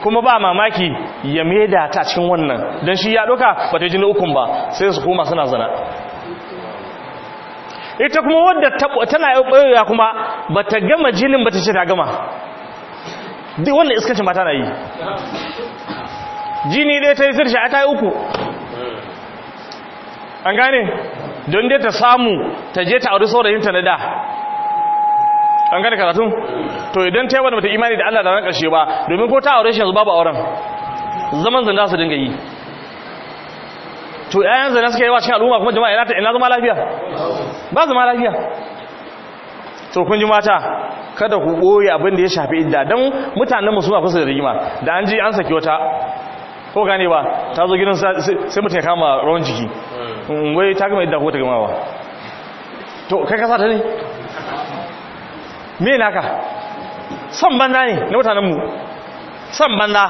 kuma ba mamaki ya maida ta cikin wannan don shi ya ɗauka ba ta yi jini ukun ba sai su koma suna zana ita kuma wadda tana ya kuma ba ta gama jinin ba ta ce ta gama duk wannan iskacin ba tana yi jini dai ta yi zirshi a ta yi uku an gane don dai ta samu ta je ta auri saurayinta na da an gane karatun to idan ta yi wani mata imani da Allah da ran ƙarshe ba domin ko ta aure shi yanzu babu auren zaman zanda su dinga yi to ayan zanda suka yi wa cikin al'umma kuma jama'a ina ina zama lafiya ba zama lafiya to kun ji mata kada ku ɓoye abin da ya shafi idda don mutanen mu suna kusa da rigima da an ji an saki wata ko gane ba ta zo gidan sai mutum ya kama rawan jiki hmm. mm, wai ta gama idda ko ta gama ba to kai sa ta ne me naka san banda ne na mutanenmu san banda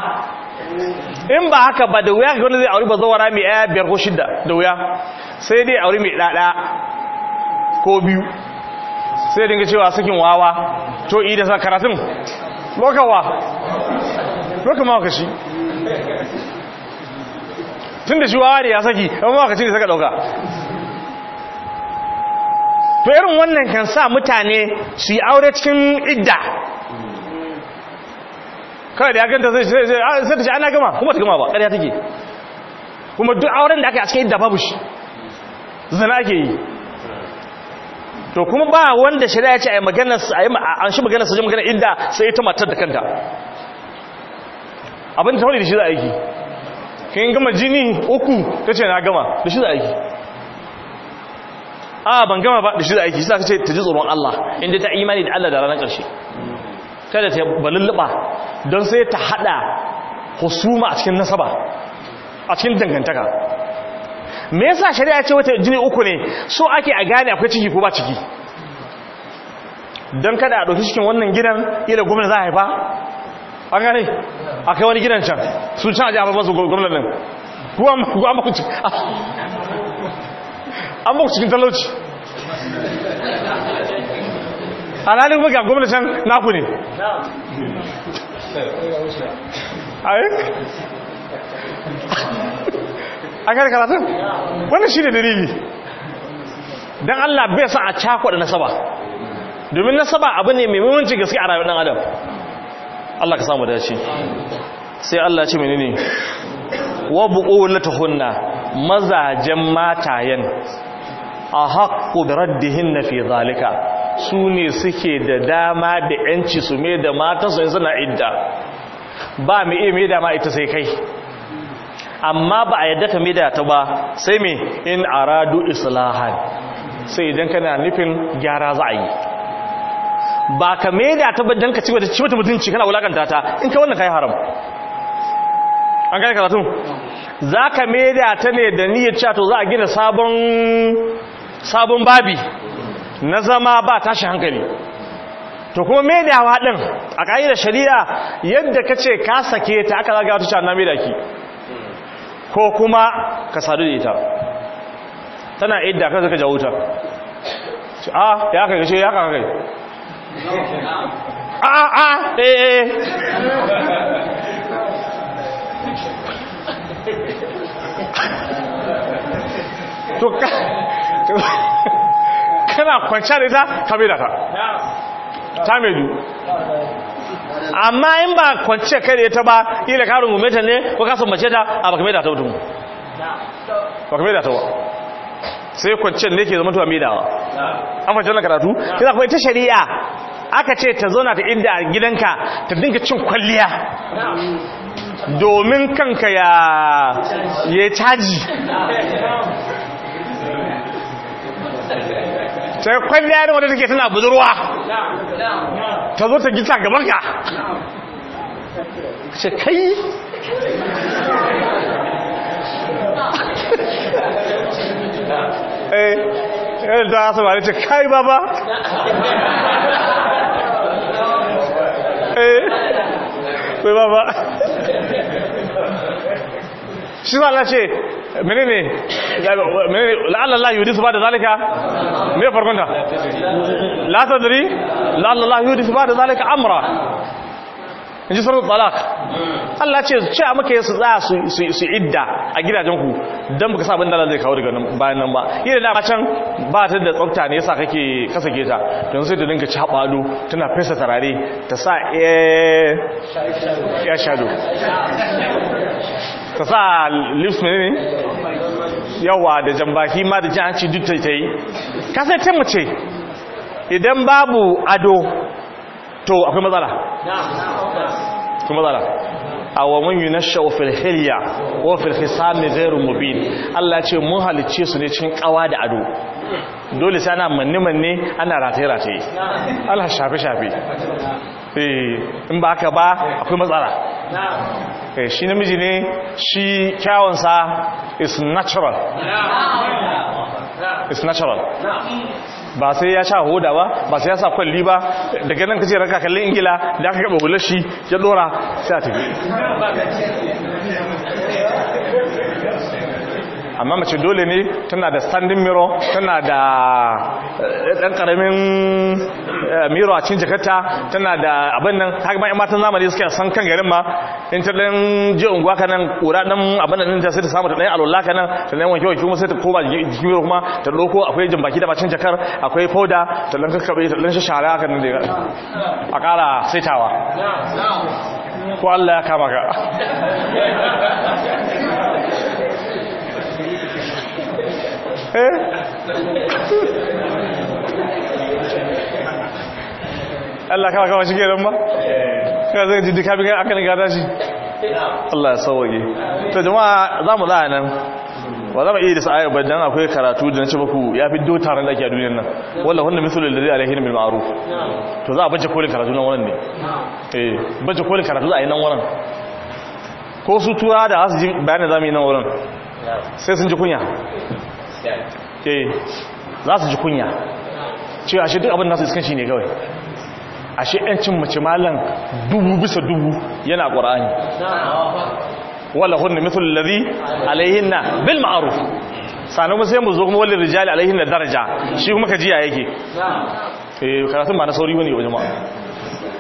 in ba haka ba da wuya ga zai auri ba zuwa rami a biyar ko shidda da wuya sai dai auri mai ɗaɗa ko biyu sai dinga cewa sakin wawa to i da sa karatun lokawa lokama ka shi tun da shi wawa ne ya saki amma mawakaci ne saka ɗauka to irin wannan kan sa mutane su yi aure cikin idda kawai da ya ganta zai zai ah, zai ana gama kuma ta gama ba ƙarya take kuma duk auren da aka yi a cikin idda babu shi zana ake yi to kuma ba wanda shari'a ya ce a yi maganar an shi maganar sajin maganar idda sai ta matar da kanta abin ta wani da shi za a yi kin gama jini uku ta ce na gama da shi za a yi a ban gama ba da shi da aiki shi za ka ce ta ji tsoron Allah inda ta imani da Allah da ranar karshe. kada ta balulluba don sai ta haɗa husuma a cikin nasaba a cikin dangantaka me yasa shari'a ce wata jini uku ne so ake a gane akwai ciki ko ba ciki don kada a ɗauki cikin wannan gidan ila gwamna za a haifa an gane a kai wani gidan can su can aji a babban gwamnan nan ku ci ah. an muku cikin talauci alhalin kuma ga gwamnatin naku ne a gari karatun wani shi ne dalili don allah bai sa a da nasaba domin nasaba abu ne mai mummunci gaske a rayuwar dan adam allah ka samu dace sai allah ce mai menene wa tuhunna. mazajen matayen a haƙƙo da raddihin na fi zalika su ne suke da dama da ‘yanci su mai da mata su suna idda ba mai iya mai dama ita sai kai amma ba a yadda ka mai da ta ba sai mai in aradu islahan sai idan kana nufin gyara za a yi ba ka mai da ta ba don ka ci wata mutunci kana wulakanta ta in ka wannan kai haram an gane karatun za ka maida ta ne da niyyar cewa to za a gina sabon babi na zama ba tashi hankali to kuma wa din a da shari'a yadda ka ce ka sake ta aka zaga wata cewa na maida ki ko kuma ka sadu da ita tana idda kan zaka jawo ta a ah, ya kai kashe ya kai a a ah, ah, eh, eh, eh. to ka kana kwanciya da ita ka bai da ta ta mai du amma in ba kwanciya kai da ita ba ila karin rungume ta ne ko ka mace ta a baka mai da ta mutum baka mai da ta ba sai kwanciyar ne ke zama tuwa mai dawa an fahimci wannan karatu kina kuma ita shari'a aka ce ta zauna ta inda a gidanka ta dinga cin kwalliya domin kanka ya ya caji Ta sai kwalliya ne wadda take tana budurwa ta zo ta gita gaban ka ce kai eh yadda eh, ta asaba ne ce kai baba eh kai baba shi za Allah ce menene la'allallah yudisu ba da zalika me farkonta la tadri la'allallah yudisu ba da zalika amra in ji sarar talak Allah ce ce a maka yasu za su idda a gidajenku don baka sa dalar zai kawo daga bayan nan ba yadda na can ba ta da tsofta ne yasa kake kasake ta don sai da dinka cabalo tana fesa tarare ta sa ya shado ta sa lips ne ne yawa da jambaki ma da jihanci duk ta yi kasai ta mace idan babu ado to akwai matsala akwai matsala a wamin man yunasha wa fil wa fil mubin Allah ce mun halicce su ne cikin kawa da ado dole sai ana manne manne ana rataye rataye Allah shafe shafe eh, in ba ka ba akwai matsala Eh, shi namiji ne shi kyawunsa is natural is natural ba sai ya sha hoda ba ba sai ya sa kwalli ba da ganin kace raka kallon ingila da aka gaba hular shi ya dora sai a tafi amma mace dole ne tana da standing mirror tana da eh, ɗan ƙaramin eh, mirror a cikin jakarta tana da abin nan haka ma matan zamani suke san kan garin ma in ta ɗan je unguwa ka nan ƙura ɗan abin nan ta sai ta samu ta ɗaya alwala ka nan ta ɗan wanke wanke kuma sai ta koma jikin mirror kuma ta ɗauko akwai jin baki da bacin jakar akwai fauda ta ɗan kakkaɓe ta ɗan shashara ka nan a ƙara saitawa ko Allah ya kama ka Eh? Allah kawai kawai shige ke ba? ka zai ji duka aka ni gada shi Allah ya sauwage to jama'a za mu za a nan ba za mu iya da sa'ayar ba dan akwai karatu da na ce muku ya fi do taron da ake a duniyar nan wallah wannan misalin da zai alaihi bil ma'ruf to za a bace kolin karatu nan wannan ne eh bace kolin karatu za a yi nan wannan ko su tura da asu ji bayanin zamu yi nan wurin sai sun ji kunya eh za su ji kunya cewa ashe duk abin nasu iskanci ne kawai ashe yancin mace malan dubu bisa dubu yana ƙwarani wala hunna mithul ladhi na bil ma'ruf sanu sai mu zo kuma wal rijali na daraja shi kuma kajiya yake eh karatun ba na sauri bane wajen jama'a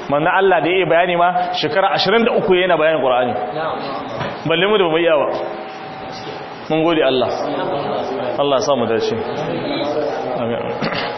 manna Allah da ya yi bayani ma shekara 23 yana bayanin ƙura'ani balle mu da bai yawa mun gode Allah Allah ya samu dace